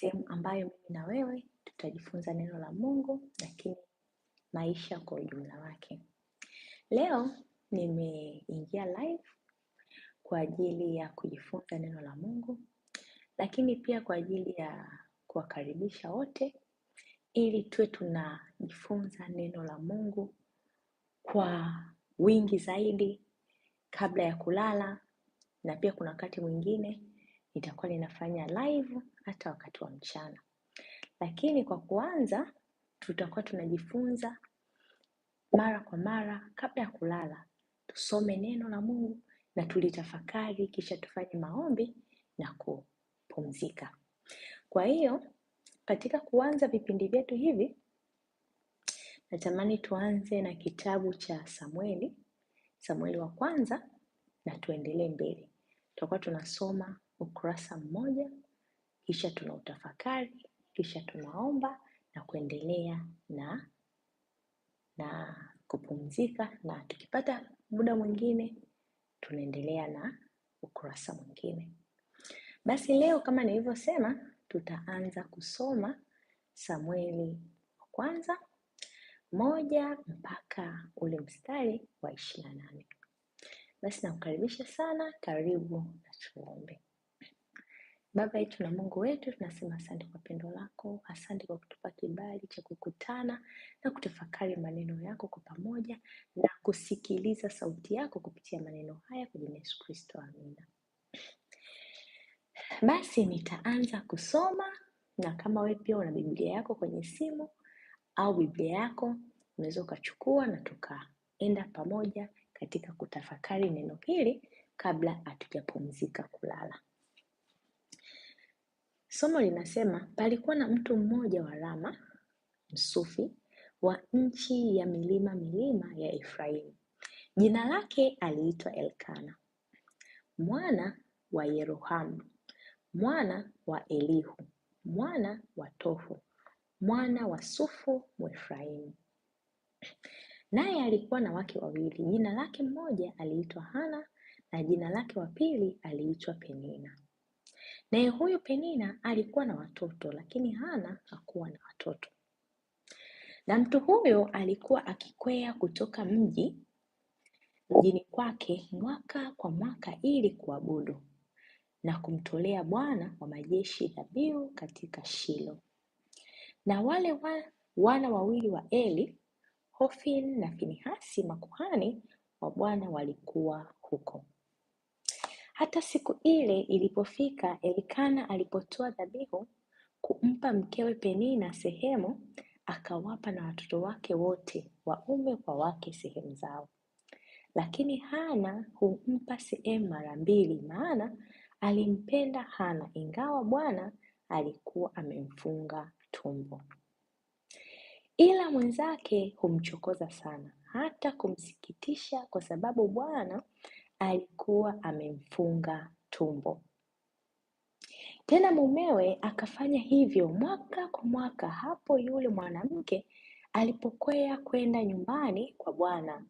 sehemu ambayo mimi na wewe tutajifunza neno la Mungu, lakini maisha kwa ujumla wake. Leo nimeingia live kwa ajili ya kujifunza neno la Mungu, lakini pia kwa ajili ya kuwakaribisha wote ili tuwe tunajifunza neno la Mungu kwa wingi zaidi kabla ya kulala, na pia kuna wakati mwingine nitakuwa ninafanya live hata wakati wa mchana. Lakini kwa kuanza, tutakuwa tunajifunza mara kwa mara kabla ya kulala, tusome neno la Mungu na tulitafakari, kisha tufanye maombi na kupumzika. Kwa hiyo katika kuanza vipindi vyetu hivi, natamani tuanze na kitabu cha Samueli, Samueli wa kwanza, na tuendelee mbele. Tutakuwa tunasoma ukurasa mmoja kisha utafakari kisha tunaomba na kuendelea na na kupumzika, na tukipata muda mwingine tunaendelea na ukurasa mwingine. Basi leo kama nilivyosema, tutaanza kusoma Samueli wa kwanza moja mpaka ule mstari wa ishirini nane. Basi nakukaribisha sana, karibu na tuombe. Baba yetu na Mungu wetu, tunasema asante kwa pendo lako, asante kwa kutupa kibali cha kukutana na kutafakari maneno yako kwa pamoja na kusikiliza sauti yako kupitia maneno haya kwa jina Yesu Kristo, amina. Basi nitaanza kusoma, na kama wewe pia una Biblia yako kwenye simu au Biblia yako unaweza ukachukua na tukaenda pamoja katika kutafakari neno hili kabla hatujapumzika kulala. Somo linasema palikuwa na mtu mmoja wa Rama, msufi wa nchi ya milima milima ya Efraimu. Jina lake aliitwa Elkana mwana wa Yerohamu mwana wa Elihu mwana wa Tofu mwana wa Sufu Mwefraimu. Naye alikuwa na wake wawili, jina lake mmoja aliitwa Hana na jina lake wa pili aliitwa Penina. Naye huyu Penina alikuwa na watoto, lakini Hana hakuwa na watoto. Na mtu huyo alikuwa akikwea kutoka mji mjini kwake mwaka kwa mwaka ili kuabudu na kumtolea Bwana wa majeshi dhabihu katika Shilo. Na wale wa, wana wawili wa Eli, Hofni na Finehasi, makuhani wa Bwana, walikuwa huko. Hata siku ile ilipofika, Elikana alipotoa dhabihu kumpa mkewe Penina sehemu, akawapa na watoto wake wote waume kwa wake sehemu zao. Lakini Hana humpa sehemu mara mbili, maana alimpenda Hana ingawa Bwana alikuwa amemfunga tumbo. Ila mwenzake humchokoza sana, hata kumsikitisha, kwa sababu Bwana alikuwa amemfunga tumbo. Tena mumewe akafanya hivyo mwaka kwa mwaka, hapo yule mwanamke alipokwea kwenda nyumbani kwa bwana,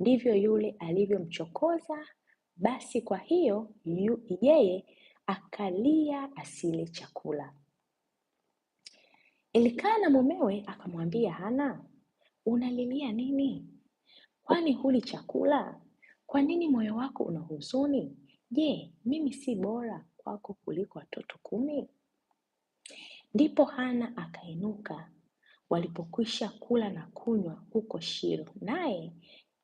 ndivyo yule alivyomchokoza. Basi kwa hiyo yu, yeye akalia asile chakula. ilikana mumewe akamwambia Hana, unalilia nini? Kwani huli chakula? Kwa nini moyo wako una huzuni? Je, mimi si bora kwako kuliko watoto kumi? Ndipo Hana akainuka walipokwisha kula na kunywa huko Shilo, naye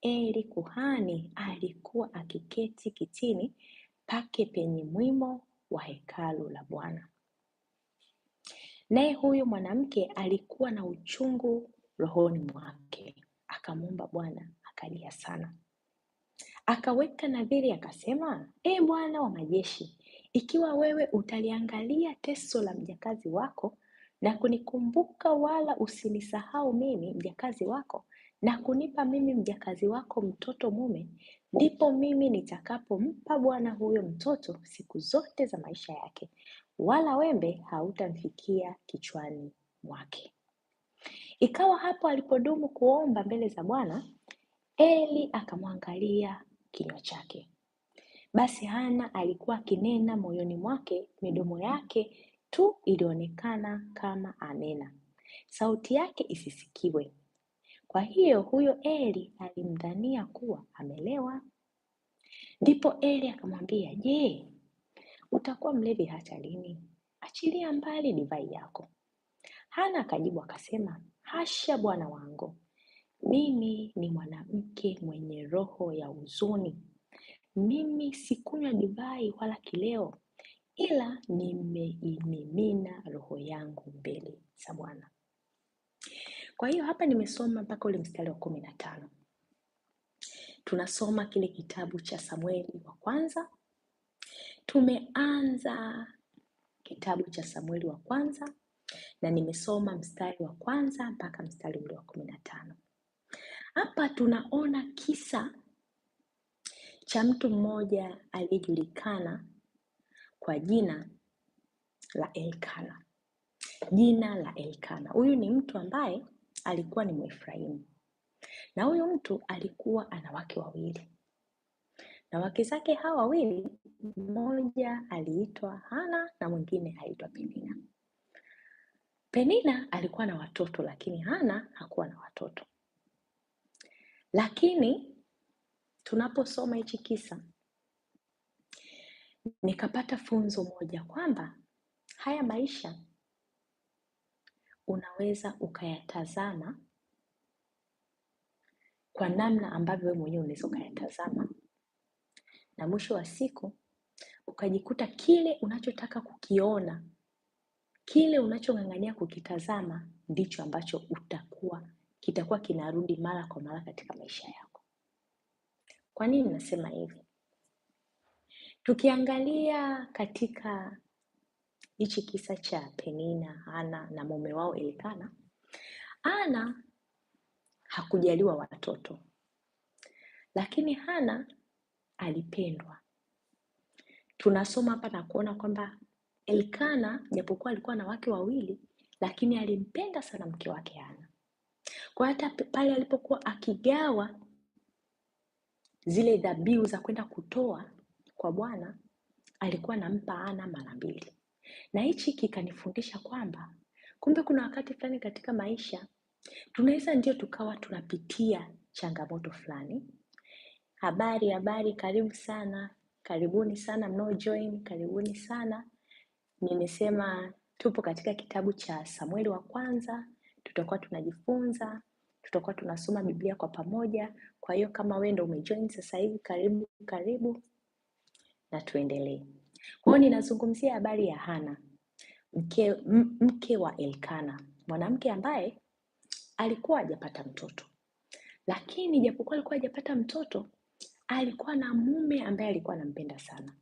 Eli kuhani alikuwa akiketi kitini pake penye mwimo wa hekalu la Bwana. Naye huyu mwanamke alikuwa na uchungu rohoni mwake, akamwomba Bwana akalia sana. Akaweka nadhiri akasema, E Bwana wa majeshi, ikiwa wewe utaliangalia teso la mjakazi wako na kunikumbuka wala usinisahau mimi mjakazi wako na kunipa mimi mjakazi wako mtoto mume, ndipo mimi nitakapompa bwana huyo mtoto siku zote za maisha yake, wala wembe hautamfikia kichwani mwake. Ikawa hapo alipodumu kuomba mbele za Bwana, Eli akamwangalia kinywa chake. Basi Hana alikuwa akinena moyoni mwake, midomo yake tu ilionekana kama anena, sauti yake isisikiwe. Kwa hiyo huyo Eli alimdhania kuwa amelewa. Ndipo Eli akamwambia, je, utakuwa mlevi hata lini? Achilia mbali divai yako. Hana akajibu akasema, hasha, bwana wangu, mimi ni mwanamke mwenye roho ya huzuni. Mimi sikunywa divai wala kileo, ila nimeimimina roho yangu mbele za Bwana. Kwa hiyo hapa nimesoma mpaka ule mstari wa kumi na tano. Tunasoma kile kitabu cha Samueli wa kwanza. Tumeanza kitabu cha Samueli wa kwanza na nimesoma mstari wa kwanza mpaka mstari ule wa kumi na tano. Hapa tunaona kisa cha mtu mmoja aliyejulikana kwa jina la Elkana. Jina la Elkana, huyu ni mtu ambaye alikuwa ni Mwefraimu, na huyu mtu alikuwa ana wake wawili, na wake zake hawa wawili, mmoja aliitwa Hana na mwingine aliitwa Penina. Penina alikuwa na watoto, lakini Hana hakuwa na watoto. Lakini tunaposoma hichi kisa, nikapata funzo moja kwamba haya maisha unaweza ukayatazama kwa namna ambavyo wewe mwenyewe unaweza ukayatazama, na mwisho wa siku ukajikuta kile unachotaka kukiona, kile unachong'ang'ania kukitazama ndicho ambacho utakuwa kitakuwa kinarudi mara kwa mara katika maisha yako. Kwa nini nasema hivi? Tukiangalia katika hichi kisa cha Penina, Ana na mume wao Elikana, Ana hakujaliwa watoto, lakini Hana alipendwa. Tunasoma hapa na kuona kwamba Elkana japokuwa alikuwa na wake wawili, lakini alimpenda sana mke wake Hana. Kwa hata pale alipokuwa akigawa zile dhabihu za kwenda kutoa kwa Bwana, alikuwa anampa ana mara mbili. Na hichi kikanifundisha kwamba kumbe kuna wakati fulani katika maisha tunaweza ndio tukawa tunapitia changamoto fulani. Habari, habari, karibu sana, karibuni sana mnaojoin, karibuni sana. Nimesema tupo katika kitabu cha Samueli wa kwanza, tutakuwa tunajifunza tutakuwa tunasoma Biblia kwa pamoja. Kwa hiyo kama wewe ndo umejoin sasa hivi, karibu karibu na tuendelee. kwao ninazungumzia habari ya Hana mke, mke wa Elkana, mwanamke ambaye alikuwa hajapata mtoto, lakini japokuwa alikuwa hajapata mtoto, alikuwa na mume ambaye alikuwa anampenda sana,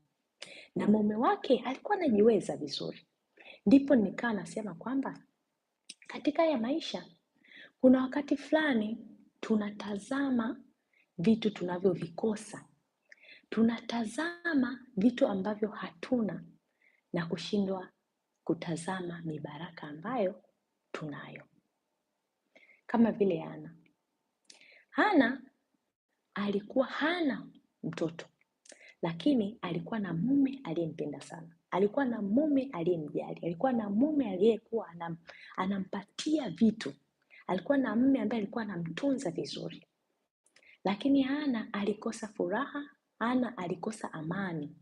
na mume wake alikuwa anajiweza vizuri. Ndipo nikaa nasema kwamba katika haya maisha kuna wakati fulani tunatazama vitu tunavyovikosa, tunatazama vitu ambavyo hatuna na kushindwa kutazama mibaraka ambayo tunayo, kama vile Hana. Hana alikuwa hana mtoto, lakini alikuwa na mume aliyempenda sana, alikuwa na mume aliyemjali, alikuwa na mume aliyekuwa anam, anampatia vitu alikuwa na mme ambaye alikuwa anamtunza vizuri, lakini ana alikosa furaha, ana alikosa amani.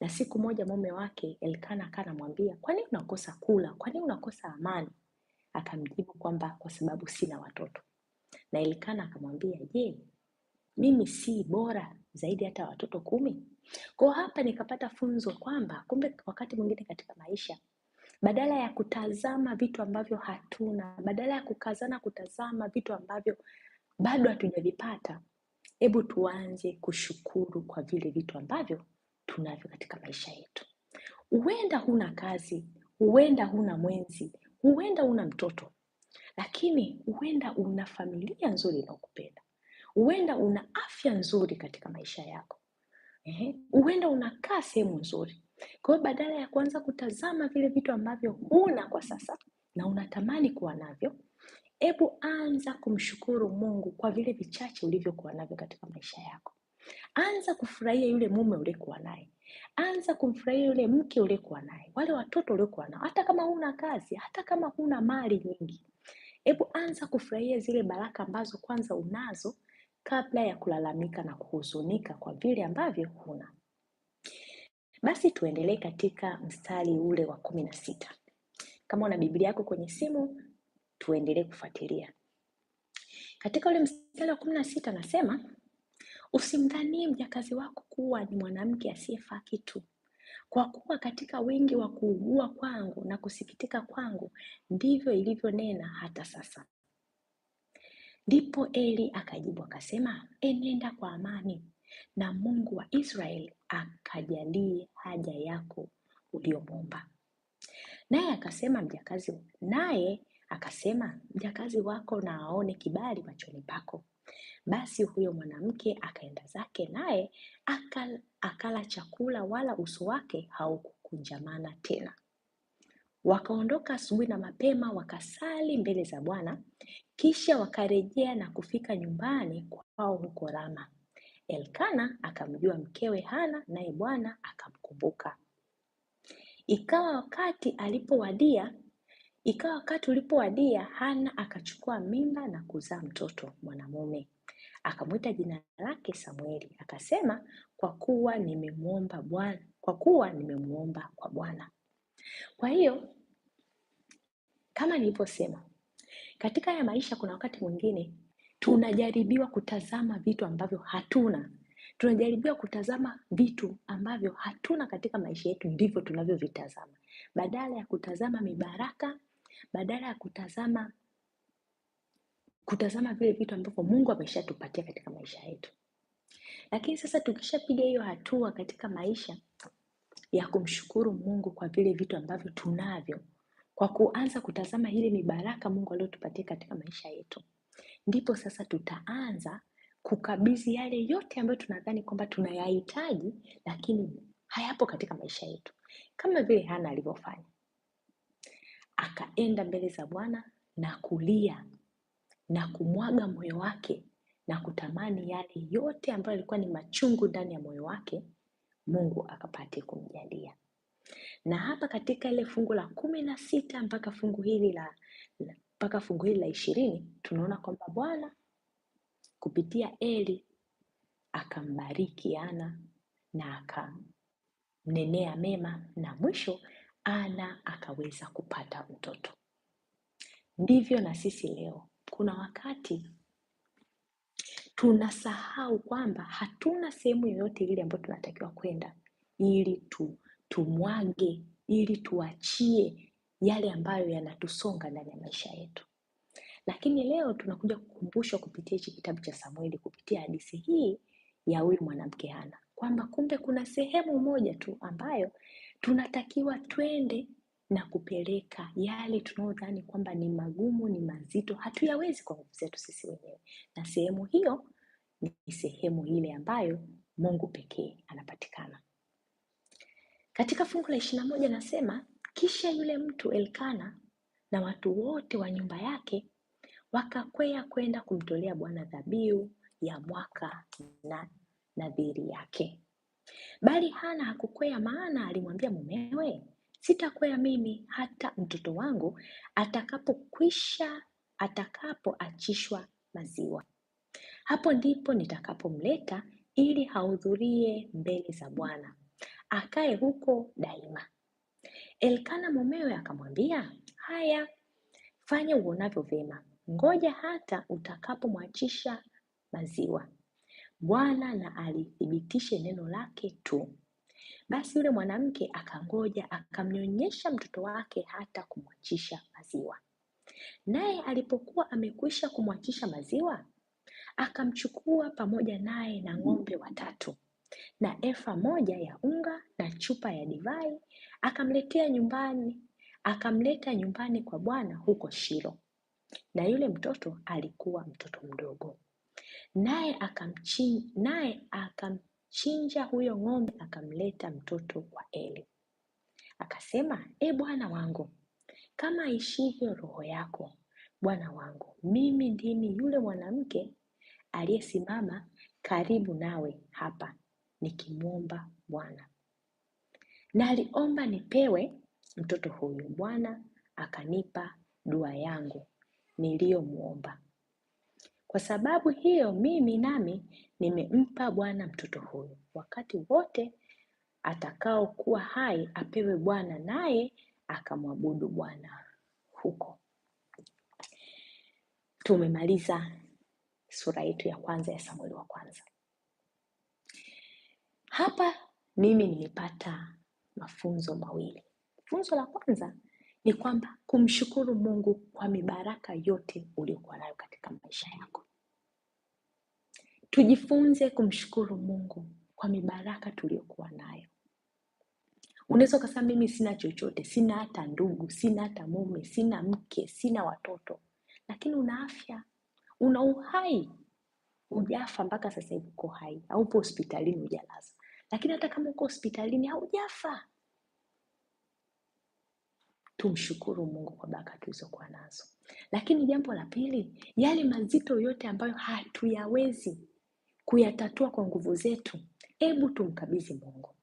Na siku moja mume wake Elkana akaa anamwambia, kwa nini unakosa kula? Kwa nini unakosa amani? Akamjibu kwamba kwa sababu sina watoto. Na Elkana akamwambia, je, mimi si bora zaidi hata watoto kumi? kwao hapa nikapata funzo kwamba kumbe wakati mwingine katika maisha badala ya kutazama vitu ambavyo hatuna, badala ya kukazana kutazama vitu ambavyo bado hatujavipata, hebu tuanze kushukuru kwa vile vitu ambavyo tunavyo katika maisha yetu. Huenda huna kazi, huenda huna mwenzi, huenda huna mtoto, lakini huenda una familia nzuri inayokupenda, huenda una afya nzuri katika maisha yako, huenda unakaa sehemu nzuri kwa hiyo badala ya kuanza kutazama vile vitu ambavyo huna kwa sasa na unatamani kuwa navyo, hebu anza kumshukuru Mungu kwa vile vichache ulivyokuwa navyo katika maisha yako. Anza kufurahia yule mume uliyekuwa naye, anza kumfurahia yule mke uliyekuwa naye, wale watoto uliokuwa nao, hata kama huna kazi, hata kama huna mali nyingi. Hebu anza kufurahia zile baraka ambazo kwanza unazo kabla ya kulalamika na kuhuzunika kwa vile ambavyo huna. Basi tuendelee katika mstari ule wa kumi na sita. Kama una Biblia yako kwenye simu, tuendelee kufuatilia katika ule mstari wa kumi na sita. anasema usimdhanie mjakazi wako kuwa ni mwanamke asiyefaa kitu, kwa kuwa katika wingi wa kuugua kwangu na kusikitika kwangu ndivyo ilivyonena hata sasa. Ndipo Eli akajibu akasema, enenda kwa amani na Mungu wa Israeli akajalie haja yako uliyomwomba. Naye akasema mjakazi, naye akasema mjakazi wako na aone kibali machoni pako. Basi huyo mwanamke akaenda zake, naye akala, akala chakula, wala uso wake haukukunjamana tena. Wakaondoka asubuhi na mapema, wakasali mbele za Bwana, kisha wakarejea na kufika nyumbani kwao huko Rama. Elkana akamjua mkewe Hana, naye Bwana akamkumbuka. Ikawa wakati alipowadia, ikawa wakati ulipowadia, Hana akachukua mimba na kuzaa mtoto mwanamume, akamwita jina lake Samueli, akasema kwa kuwa nimemwomba Bwana, kwa kuwa nimemwomba kwa Bwana. Kwa hiyo kama nilivyosema, katika haya maisha kuna wakati mwingine tunajaribiwa kutazama vitu ambavyo hatuna tunajaribiwa kutazama vitu ambavyo hatuna katika maisha yetu ndivyo tunavyovitazama badala ya kutazama mibaraka badala ya kutazama kutazama vile vitu ambavyo mungu ameshatupatia katika maisha yetu lakini sasa tukishapiga hiyo hatua katika maisha ya kumshukuru mungu kwa vile vitu ambavyo tunavyo kwa kuanza kutazama ile mibaraka mungu aliyotupatia katika maisha yetu ndipo sasa tutaanza kukabidhi yale yote ambayo tunadhani kwamba tunayahitaji, lakini hayapo katika maisha yetu, kama vile Hana alivyofanya. Akaenda mbele za Bwana na kulia na kumwaga moyo wake na kutamani yale yote ambayo yalikuwa ni machungu ndani ya moyo wake, Mungu akapate kumjalia. Na hapa katika ile fungu la kumi na sita mpaka fungu hili la, la, mpaka fungu hili la ishirini tunaona kwamba Bwana kupitia Eli akambariki Ana na akamnenea mema na mwisho Ana akaweza kupata mtoto. Ndivyo na sisi leo, kuna wakati tunasahau kwamba hatuna sehemu yoyote ile ambayo tunatakiwa kwenda ili tu tumwage, ili tuachie yale ambayo yanatusonga ndani ya maisha yetu. Lakini leo tunakuja kukumbushwa kupitia hichi kitabu cha Samueli, kupitia hadithi hii ya huyu mwanamke Hana, kwamba kumbe kuna sehemu moja tu ambayo tunatakiwa twende na kupeleka yale tunayodhani kwamba ni magumu, ni mazito, hatuyawezi kwa nguvu zetu sisi wenyewe, na sehemu hiyo ni sehemu ile ambayo Mungu pekee anapatikana. Katika fungu la ishirini na moja nasema kisha yule mtu Elkana na watu wote wa nyumba yake wakakwea kwenda kumtolea Bwana dhabihu ya mwaka na nadhiri yake. Bali Hana hakukwea, maana alimwambia mumewe, sitakwea mimi hata mtoto wangu atakapokwisha atakapoachishwa maziwa. Hapo ndipo nitakapomleta ili ahudhurie mbele za Bwana, akae huko daima. Elkana mumewe akamwambia, haya, fanya uonavyo vyema, ngoja hata utakapomwachisha maziwa, Bwana na alithibitishe neno lake tu. Basi yule mwanamke akangoja, akamnyonyesha mtoto wake hata kumwachisha maziwa. Naye alipokuwa amekwisha kumwachisha maziwa, akamchukua pamoja naye na ng'ombe watatu na efa moja ya unga na chupa ya divai, akamletea nyumbani, akamleta nyumbani kwa Bwana huko Shilo. Na yule mtoto alikuwa mtoto mdogo, naye akamchinja, naye huyo ng'ombe, akamleta mtoto kwa Eli. Akasema, e Bwana wangu, kama aishivyo roho yako, bwana wangu, mimi ndimi yule mwanamke aliyesimama karibu nawe hapa nikimwomba Bwana. Na aliomba nipewe mtoto huyu. Bwana akanipa dua yangu niliyomwomba. Kwa sababu hiyo, mimi nami nimempa Bwana mtoto huyu. Wakati wote atakaokuwa hai apewe Bwana, naye akamwabudu Bwana huko. Tumemaliza sura yetu ya kwanza ya Samueli wa kwanza. Hapa mimi nilipata mafunzo mawili. Funzo la kwanza ni kwamba kumshukuru Mungu kwa mibaraka yote uliyokuwa nayo katika maisha yako. Tujifunze kumshukuru Mungu kwa mibaraka tuliyokuwa nayo. Unaweza ukasema mimi sina chochote, sina hata ndugu, sina hata mume, sina mke, sina watoto, lakini una afya, una uhai, ujafa mpaka sasa hivi uko hai, haupo hospitalini, hujalaza. Lakini hata kama uko hospitalini haujafa. Tumshukuru Mungu kwa baraka tulizokuwa nazo. Lakini jambo la pili, yale mazito yote ambayo hatuyawezi kuyatatua kwa nguvu zetu, hebu tumkabidhi Mungu.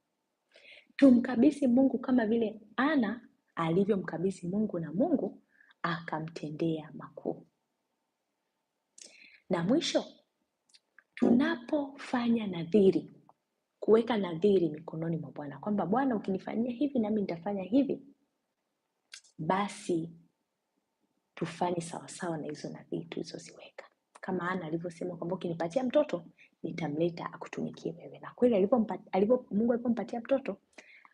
Tumkabidhi Mungu kama vile Ana alivyomkabidhi Mungu na Mungu akamtendea makuu. Na mwisho tunapofanya nadhiri kuweka nadhiri mikononi mwa Bwana kwamba Bwana, ukinifanyia hivi nami nitafanya hivi, basi tufanye sawasawa na hizo nadhiri tulizoziweka, kama Ana alivyosema kwamba ukinipatia mtoto nitamleta akutumikie wewe. Na kweli Mungu alipompatia mtoto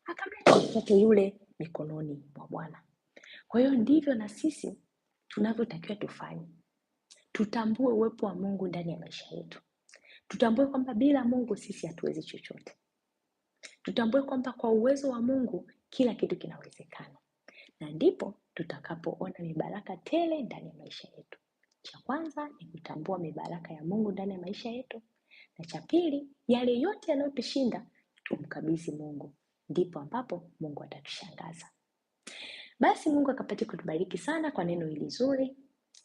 akamleta mtoto yule mikononi mwa Bwana. Kwa hiyo ndivyo na sisi tunavyotakiwa tufanye, tutambue uwepo wa Mungu ndani ya maisha yetu Tutambue kwamba bila Mungu sisi hatuwezi chochote. Tutambue kwamba kwa uwezo wa Mungu kila kitu kinawezekana, na ndipo tutakapoona mibaraka tele ndani ya maisha yetu. Cha kwanza ni kutambua mibaraka ya Mungu ndani ya maisha yetu, na cha pili, yale yote yanayotushinda tumkabidhi Mungu, ndipo ambapo Mungu atatushangaza. Basi Mungu akapate kutubariki sana kwa neno hili zuri.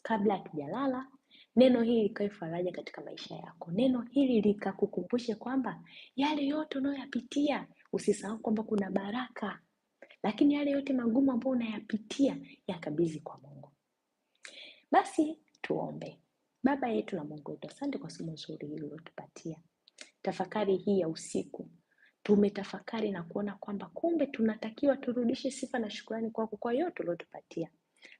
Kabla hatujalala, Neno hili likawe faraja katika maisha yako. Neno hili likakukumbushe kwamba yale yote unayoyapitia, usisahau kwamba kuna baraka, lakini yale yote magumu ambayo unayapitia yakabizi kwa Mungu. Basi tuombe. Baba yetu na Mungu wetu, asante kwa somo zuri hili uliotupatia Tafakari hii ya usiku tumetafakari na kuona kwamba kumbe tunatakiwa turudishe sifa na shukurani kwako kwa yote uliotupatia.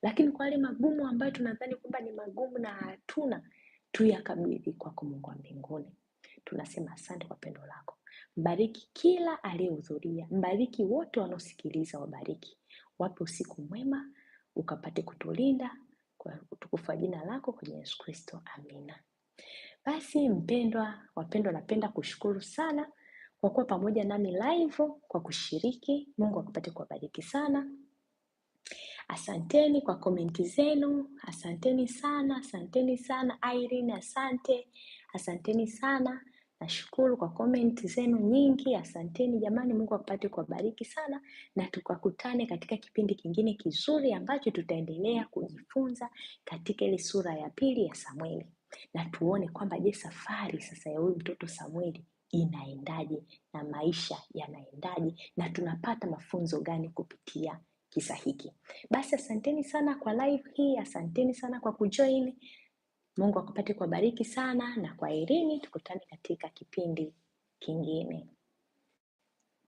Lakini kwa yale magumu ambayo tunadhani kwamba ni magumu na hatuna, tuyakabidhi kwako Mungu wa mbinguni. Tunasema asante kwa pendo lako. Mbariki kila aliyehudhuria, mbariki wote wanaosikiliza, wabariki, wape usiku mwema, ukapate kutulinda kwa utukufu wa jina lako kwenye Yesu Kristo, amina. Basi mpendwa, wapendwa, napenda kushukuru sana kwa kuwa pamoja nami live, kwa kushiriki. Mungu akupate kuwabariki sana. Asanteni kwa komenti zenu, asanteni sana, asanteni sana Irene, asante, asanteni sana. Nashukuru kwa komenti zenu nyingi, asanteni jamani. Mungu kwa kuwabariki sana, na tukakutane katika kipindi kingine kizuri ambacho tutaendelea kujifunza katika ile sura ya pili ya samweli na tuone kwamba je, safari sasa ya huyu mtoto samweli inaendaje na maisha yanaendaje na tunapata mafunzo gani kupitia kisa hiki. Basi asanteni sana kwa live hii, asanteni sana kwa kujoin. Mungu akupate kwa bariki sana na kwa irini, tukutane katika kipindi kingine.